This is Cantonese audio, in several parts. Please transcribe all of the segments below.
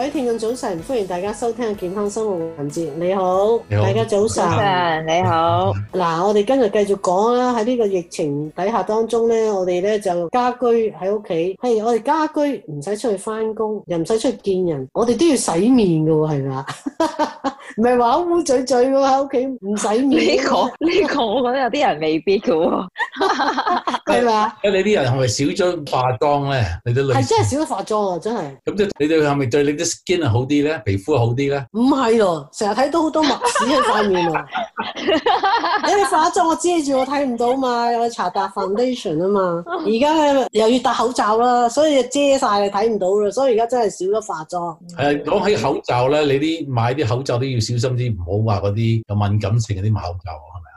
各位聽眾早晨，歡迎大家收聽健康生活環節。你好，你好，大家早晨，你好。嗱，我哋今日繼續講啦。喺呢個疫情底下當中咧，我哋咧就家居喺屋企。係、hey, 我哋家居唔使出去翻工，又唔使出去見人，我哋都要洗面噶喎，係咪啊？唔係話污嘴嘴噶嘛，喺屋企唔洗面。呢個呢個，這個、我覺得有啲人未必噶喎。係咪啊？你啲人係咪少咗化妝咧？你啲女係真係少咗化妝啊！真係咁，即你哋係咪對你啲 skin 啊好啲咧？皮膚好啲咧？唔係咯，成日睇到好多墨屎喺塊面啊！你哋 化妝我遮住我睇唔到嘛？又去搽笪 foundation 啊嘛！而家 又要戴口罩啦，所以遮晒你睇唔到啦，所以而家真係少咗化妝。係啊、嗯，講起口罩咧，你啲買啲口罩都要小心啲，唔好話嗰啲有敏感性啲口罩係咪？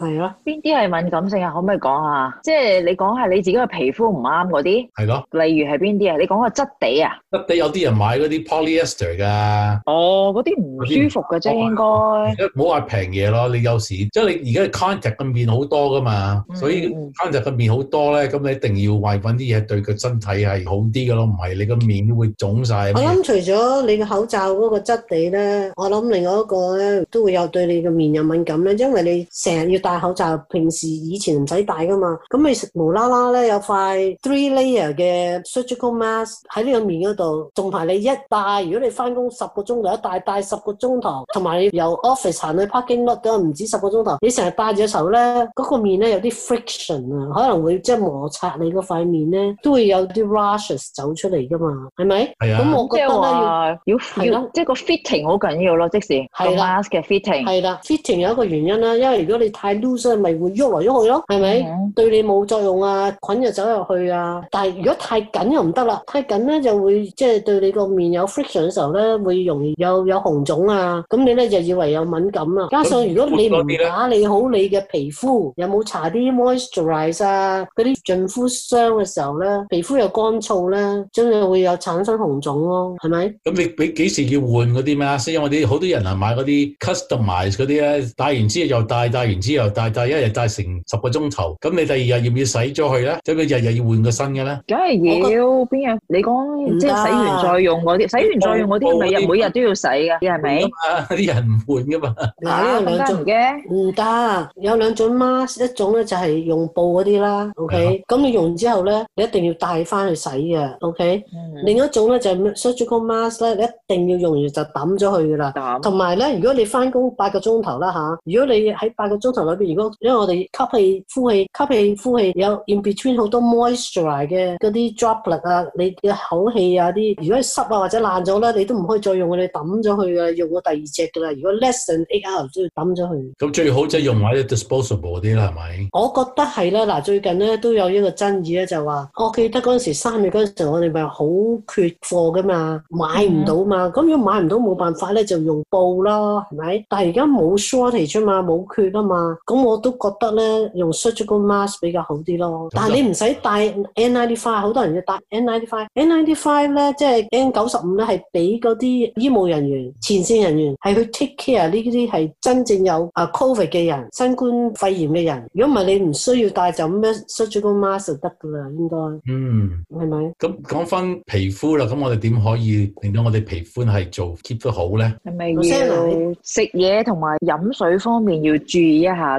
係咯，邊啲係敏感性啊？可唔可以講下？即係你講下你自己個皮膚唔啱嗰啲，係咯。例如係邊啲啊？你講個質地啊？質地有啲人買嗰啲 polyester 㗎。哦，嗰啲唔舒服㗎，即係應該。而家唔好話平嘢咯，你有時即係你而家 contact 嘅面好多㗎嘛，所以 contact 嘅面好多咧，咁你一定要揾啲嘢對佢身體係好啲㗎咯，唔係你個面會腫曬。我諗除咗你個口罩嗰個質地咧，我諗另外一個咧都會有對你個面有敏感咧，因為你成日要戴。戴口罩，平時以前唔使戴噶嘛，咁你無無啦啦咧有塊 three layer 嘅 surgical mask 喺呢個面嗰度，仲排你一戴，如果你翻工十個鐘頭一戴，戴十個鐘頭，同埋你由 office 行去 parking lot 咁，唔止十個鐘頭，你成日戴住嘅時候呢，咧，嗰個面咧有啲 friction 啊，可能會即係摩擦你嗰塊面咧，都會有啲 rashes 走出嚟噶嘛，係咪？係啊，咁我覺得呢要，係咯要，啊、即係個 fitting 好緊要咯，即、就、時、是、個 mask 嘅 fitting，係啦、啊啊、，fitting 有一個原因啦，因為如果你太咪會喐來喐去咯，係咪、mm hmm. 對你冇作用啊？菌就走入去啊！但係如果太緊又唔得啦，太緊咧就會即係、就是、對你個面有 friction 嘅時候咧，會容易有有紅腫啊！咁你咧就以為有敏感啦。加上如果你唔打理好你嘅皮膚，嗯、有冇搽啲 moisturize 啊？嗰啲潤膚霜嘅時候咧，皮膚又乾燥咧，將又會有產生紅腫咯，係咪？咁你你幾時要換嗰啲咩所因我哋好多人啊買嗰啲 customize 嗰啲咧，戴完之後又戴，戴完之後。戴戴一日戴成十個鐘頭，咁你第二日要唔要洗咗佢咧？即係佢日日要換個新嘅咧？梗係要邊樣？你講即係洗完再用嗰啲，洗完再用嗰啲，每日每日都要洗嘅，係咪？啲人唔換嘅嘛，嚇，兩種嘅，唔得，有兩種 mask，一種咧就係用布嗰啲啦，OK，咁你用完之後咧，你一定要帶翻去洗嘅，OK，另一種咧就係 surgical mask 咧，一定要用完就抌咗佢嘅啦，同埋咧，如果你翻工八個鐘頭啦嚇，如果你喺八個鐘頭。如果因為我哋吸氣、呼氣、吸氣、呼氣有 in between 好多 moisture 嘅嗰啲 droplet 啊，你嘅口氣啊啲，如果濕啊或者爛咗咧，你都唔可以再用，我哋抌咗佢噶，用過第二隻噶啦。如果 less than 8 hours 都要抌咗佢。咁最好就用埋啲 disposable 嗰啲啦，係咪？我覺得係啦，嗱最近咧都有一個爭議咧，就話我記得嗰陣時三月嗰陣時，我哋咪好缺貨噶嘛，買唔到嘛，咁樣、嗯、買唔到冇辦法咧，就用布囉，係咪？但而家冇 shortage 啊嘛，冇缺啊嘛。咁我都覺得咧，用 surgical mask 比較好啲咯。但係你唔使戴 n95，好多人要戴 n95。n95 咧，即係 n 九十五咧，係俾嗰啲醫務人員、前線人員係去 take care 呢啲係真正有啊 covid 嘅人，新冠肺炎嘅人。如果唔係，你唔需要戴就咁樣 surgical mask 就得㗎啦，應該。嗯，係咪？咁講翻皮膚啦，咁我哋點可以令到我哋皮膚係做 keep 得好咧？係咪要食嘢同埋飲水方面要注意一下？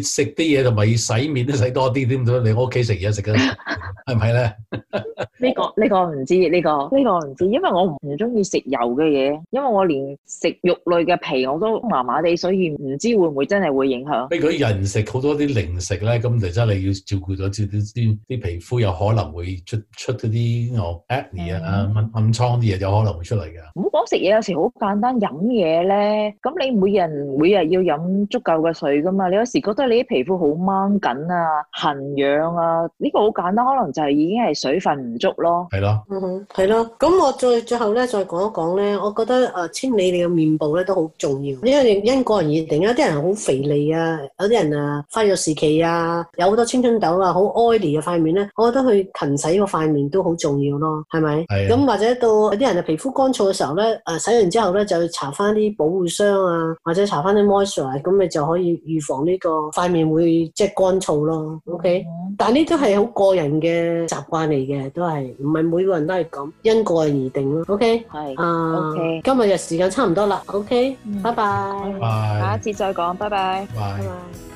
食啲嘢同埋要洗面都洗多啲添咗，你屋企食嘢食嘅，係咪咧？ 是呢 個呢個唔知呢個呢個唔知，因為我唔中意食油嘅嘢，因為我連食肉類嘅皮我都麻麻地，所以唔知會唔會真係會影響。如果人食好多啲零食咧，咁就真係要照顧到啲啲皮膚有可能會出出啲我 a 啊、嗯、啊暗暗瘡啲嘢，有可能會出嚟嘅。唔好講食嘢，有時好簡單，飲嘢咧，咁你每人每日要飲足夠嘅水噶嘛？你有時覺得你啲皮膚好掹緊啊，痕癢啊，呢個好簡單，可能就係已經係水份唔足咯，係咯的，嗯哼，係咯。咁我再最後咧，再講一講咧，我覺得誒、呃，清理你嘅面部咧都好重要，因為因個人而定。有啲人好肥膩啊，有啲人啊發育時期啊，有好多青春痘啊，好 oily 嘅塊面咧，我覺得去勤洗個塊面都好重要咯，係咪？咁的或者到有啲人嘅皮膚乾燥嘅時候咧，誒、呃、洗完之後咧就搽翻啲保護霜啊，或者搽翻啲 moisture，咁你就可以預防呢個塊面會即係乾燥咯。OK、嗯。但呢都係好個人嘅習慣嚟嘅，都係唔係每個人都係咁，因個人而定咯。OK，係啊，今日嘅時間差唔多啦。OK，拜拜，拜拜，下一次再講，拜拜，拜拜 Bye.。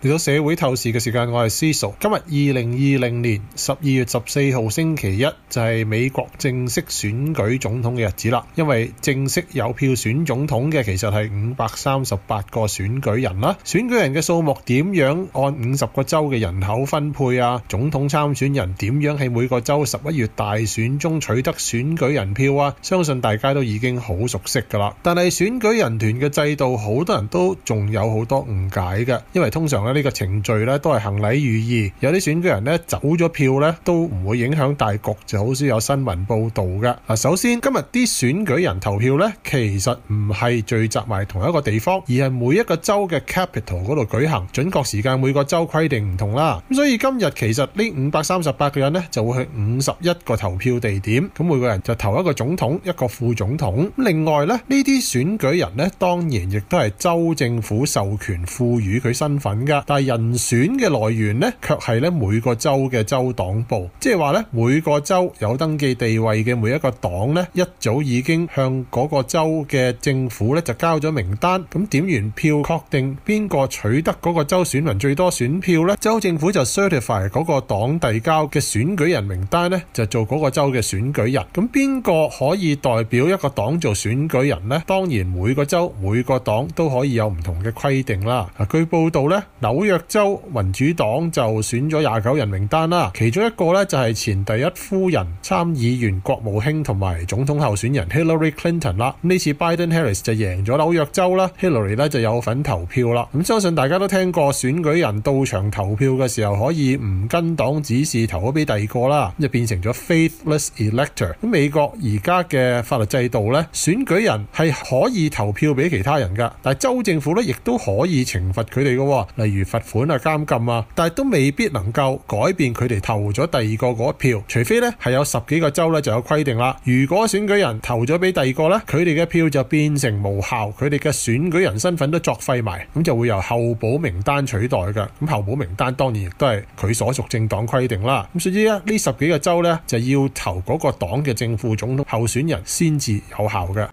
嚟到社會透視嘅時間，我係思熟。今日二零二零年十二月十四號星期一就係美國正式選舉總統嘅日子啦。因為正式有票選總統嘅，其實係五百三十八個選舉人啦。選舉人嘅數目點樣按五十個州嘅人口分配啊？總統參選人點樣喺每個州十一月大選中取得選舉人票啊？相信大家都已經好熟悉噶啦。但係選舉人團嘅制度，好多人都仲有好多誤解嘅，因為通常呢個程序咧都係行禮如儀，有啲選舉人咧走咗票咧都唔會影響大局，就好少有新聞報導嘅。嗱，首先今日啲選舉人投票咧，其實唔係聚集埋同一個地方，而係每一個州嘅 capital 嗰度舉行，準確時間每個州規定唔同啦。咁所以今日其實呢五百三十八個人咧就會去五十一個投票地點，咁每個人就投一個總統一個副總統。另外咧，呢啲選舉人咧當然亦都係州政府授權賦予佢身份嘅。但係人選嘅來源呢，卻係咧每個州嘅州黨部，即係話咧每個州有登記地位嘅每一個黨呢一早已經向嗰個州嘅政府咧就交咗名單。咁點完票，確定邊個取得嗰個州選民最多選票呢？州政府就 certify 嗰個黨遞交嘅選舉人名單呢，就做嗰個州嘅選舉人。咁邊個可以代表一個黨做選舉人呢？當然每個州每個黨都可以有唔同嘅規定啦。啊，據報道呢。紐約州民主黨就選咗廿九人名單啦，其中一個咧就係前第一夫人參議員國務卿同埋總統候選人 Hillary Clinton 啦。咁呢次 Biden Harris 就贏咗紐約州啦，Hillary 咧就有份投票啦。咁相信大家都聽過，選舉人到場投票嘅時候可以唔跟黨指示投咗俾第二個啦，咁就變成咗 faithless elector。咁美國而家嘅法律制度咧，選舉人係可以投票俾其他人㗎，但係州政府咧亦都可以懲罰佢哋㗎，例如，如罰款啊、監禁啊，但係都未必能夠改變佢哋投咗第二個嗰票，除非咧係有十幾個州咧就有規定啦。如果選舉人投咗俾第二個咧，佢哋嘅票就變成無效，佢哋嘅選舉人身份都作廢埋，咁就會由候補名單取代嘅。咁候補名單當然亦都係佢所屬政黨規定啦。咁所以呢十幾個州咧就要投嗰個黨嘅正副總統候選人先至有效嘅。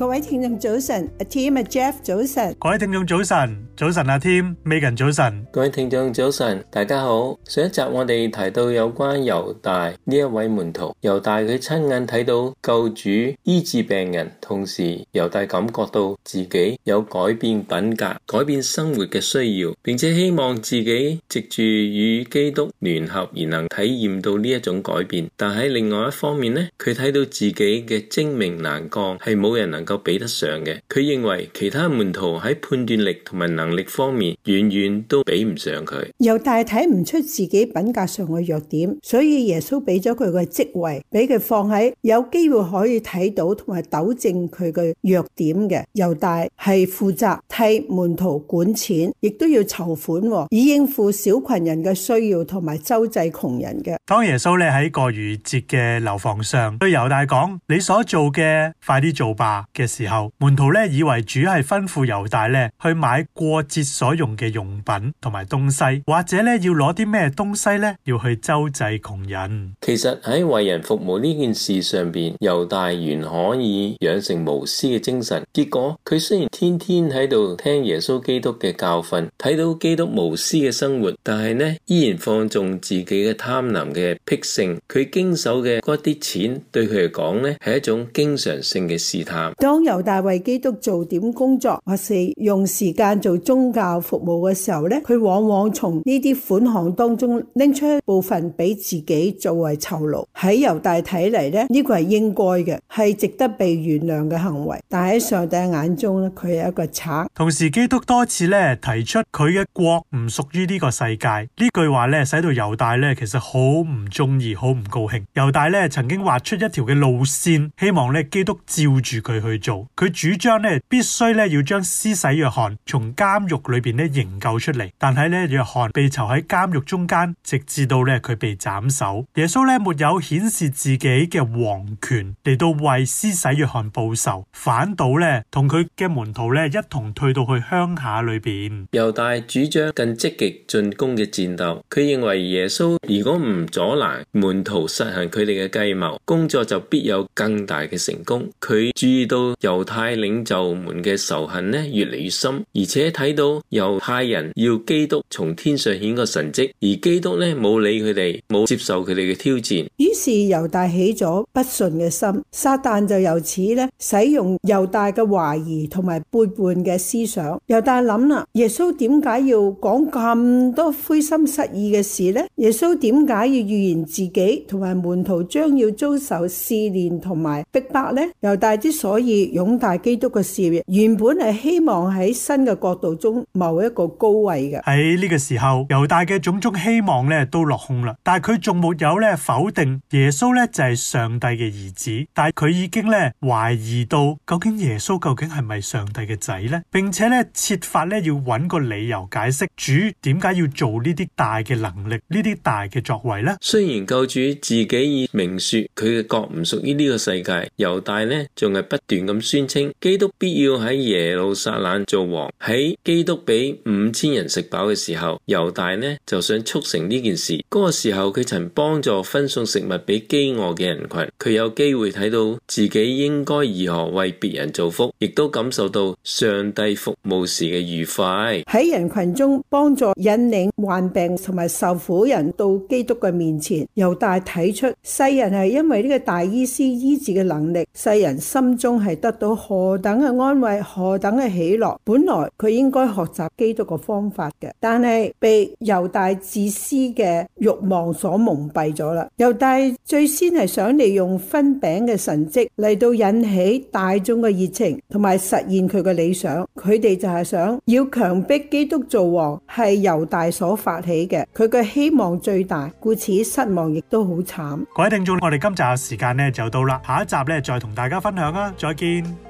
各位聽眾早晨，阿 Tim 阿 Jeff 早晨，各位聽眾早晨。早晨啊，Tim，Megan，早晨，各位聽眾早晨，大家好。上一集我哋提到有關猶大呢一位門徒，猶大佢親眼睇到救主醫治病人，同時猶大感覺到自己有改變品格、改變生活嘅需要，並且希望自己藉住與基督聯合而能體驗到呢一種改變。但喺另外一方面咧，佢睇到自己嘅精明難幹係冇人能夠比得上嘅，佢認為其他門徒喺判斷力同埋能。能力方面，遠遠都比唔上佢。猶大睇唔出自己品格上嘅弱點，所以耶穌俾咗佢個職位，俾佢放喺有機會可以睇到同埋糾正佢嘅弱點嘅。猶大係負責替門徒管錢，亦都要籌款、哦、以應付小群人嘅需要同埋周濟窮人嘅。當耶穌咧喺過逾節嘅樓房上對猶大講：你所做嘅，快啲做吧嘅時候，門徒咧以為主係吩咐猶大咧去買過節所用嘅用品同埋東西，或者咧要攞啲咩東西咧，要去周濟窮人。其實喺為人服務呢件事上邊，猶大原可以養成無私嘅精神。結果佢雖然天天喺度聽耶穌基督嘅教訓，睇到基督無私嘅生活，但係呢依然放縱自己嘅貪婪嘅癖性。佢經手嘅嗰啲錢對他，對佢嚟講呢係一種經常性嘅試探。當猶大為基督做點工作，或是用時間做。宗教服務嘅時候呢，佢往往從呢啲款項當中拎出部分俾自己作為酬勞。喺猶大睇嚟咧，呢，呢個係應該嘅，係值得被原諒嘅行為。但喺上帝眼中呢，佢係一個賊。同時，基督多次呢，提出佢嘅國唔屬於呢個世界。呢句話呢，使到猶大呢其實好唔中意，好唔高興。猶大呢曾經畫出一條嘅路線，希望呢基督照住佢去做。佢主張呢必須呢要將施洗約翰從加監獄裏邊咧營救出嚟，但係咧約翰被囚喺監獄中間，直至到咧佢被斬首。耶穌咧沒有顯示自己嘅皇權嚟到為施洗約翰報仇，反倒咧同佢嘅門徒咧一同退到去鄉下裏邊，猶大主張更積極進攻嘅戰鬥。佢認為耶穌如果唔阻攔門徒實行佢哋嘅計謀，工作就必有更大嘅成功。佢注意到猶太領袖們嘅仇恨呢越嚟越深，而且，睇到猶太人要基督從天上顯個神蹟，而基督咧冇理佢哋，冇接受佢哋嘅挑戰。於是猶大起咗不順嘅心，撒旦就由此咧使用猶大嘅懷疑同埋背叛嘅思想。猶大諗啦，耶穌點解要講咁多灰心失意嘅事咧？耶穌點解要預言自己同埋門徒將要遭受試煉同埋逼迫咧？猶大之所以擁戴基督嘅事業，原本係希望喺新嘅角度，中某一個高位嘅喺呢個時候，猶大嘅種種希望咧都落空啦。但係佢仲沒有咧否定耶穌咧就係上帝嘅兒子，但係佢已經咧懷疑到究竟耶穌究竟係咪上帝嘅仔咧，並且咧設法咧要揾個理由解釋主點解要做呢啲大嘅能力呢啲大嘅作為咧。雖然救主自己已明說佢嘅國唔屬於呢個世界，猶大咧仲係不斷咁宣稱基督必要喺耶路撒冷做王喺。基督俾五千人食飽嘅時候，猶大呢就想促成呢件事。嗰、那個時候佢曾幫助分送食物俾飢餓嘅人群，佢有機會睇到自己應該如何為別人造福，亦都感受到上帝服務時嘅愉快。喺人群中幫助引領患病同埋受苦人到基督嘅面前，猶大睇出世人係因為呢個大醫師醫治嘅能力，世人心中係得到何等嘅安慰，何等嘅喜樂。本來佢應。應該學習基督嘅方法嘅，但係被猶大自私嘅慾望所蒙蔽咗啦。猶大最先係想利用分餅嘅神迹嚟到引起大眾嘅熱情，同埋實現佢嘅理想。佢哋就係想要強迫基督做王，係猶大所發起嘅。佢嘅希望最大，故此失望亦都好慘。各位聽眾，我哋今集嘅時間呢就到啦，下一集呢，再同大家分享啦，再見。